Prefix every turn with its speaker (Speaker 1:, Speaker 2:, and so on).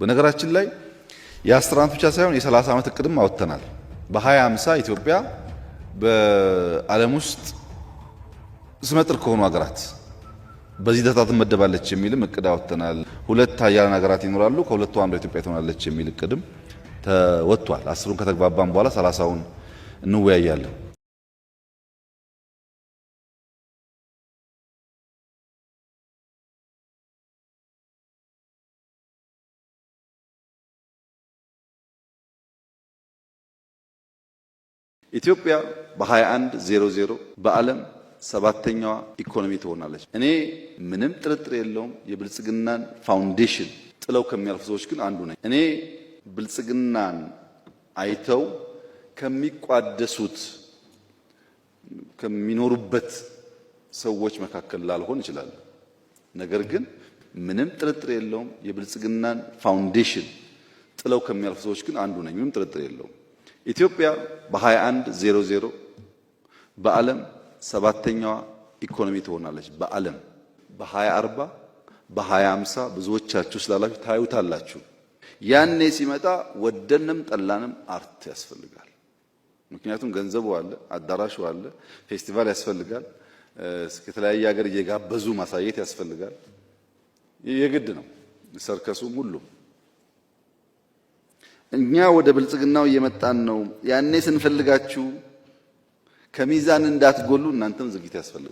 Speaker 1: በነገራችን ላይ የአስር ዓመት ብቻ ሳይሆን የሰላሳ ዓመት እቅድም አወጥተናል። በሀያ ሃምሳ ኢትዮጵያ በዓለም ውስጥ ስመጥር ከሆኑ ሀገራት በዚህ ደረጃ ትመደባለች የሚልም እቅድ አወጥተናል። ሁለት ሀያላን ሀገራት ይኖራሉ፣ ከሁለቱ አንዷ ኢትዮጵያ ትሆናለች የሚል እቅድም ተወጥቷል። አስሩን ከተግባባን በኋላ ሰላሳውን እንወያያለን።
Speaker 2: ኢትዮጵያ በ2100 በዓለም ሰባተኛዋ ኢኮኖሚ ትሆናለች። እኔ ምንም ጥርጥር የለውም የብልጽግናን ፋውንዴሽን ጥለው ከሚያልፉ ሰዎች ግን አንዱ ነኝ። እኔ ብልጽግናን አይተው ከሚቋደሱት ከሚኖሩበት ሰዎች መካከል ላልሆን እችላለሁ። ነገር ግን ምንም ጥርጥር የለውም የብልጽግናን ፋውንዴሽን ጥለው ከሚያልፉ ሰዎች ግን አንዱ ነኝ። ምንም ጥርጥር የለውም። ኢትዮጵያ በ2100 በዓለም ሰባተኛዋ ኢኮኖሚ ትሆናለች። በዓለም በ2040 በ2050 ብዙዎቻችሁ ስላላችሁ ታዩታላችሁ። ያኔ ሲመጣ ወደንም ጠላንም አርት ያስፈልጋል። ምክንያቱም ገንዘቡ አለ፣ አዳራሹ አለ፣ ፌስቲቫል ያስፈልጋል፣ ከተለያየ ሀገር እየጋበዙ ማሳየት ያስፈልጋል። የግድ ነው፣ ሰርከሱም ሁሉም እኛ ወደ ብልጽግናው እየመጣን ነው። ያኔ ስንፈልጋችሁ ከሚዛን እንዳትጎሉ እናንተም ዝግጅት ያስፈልጋል።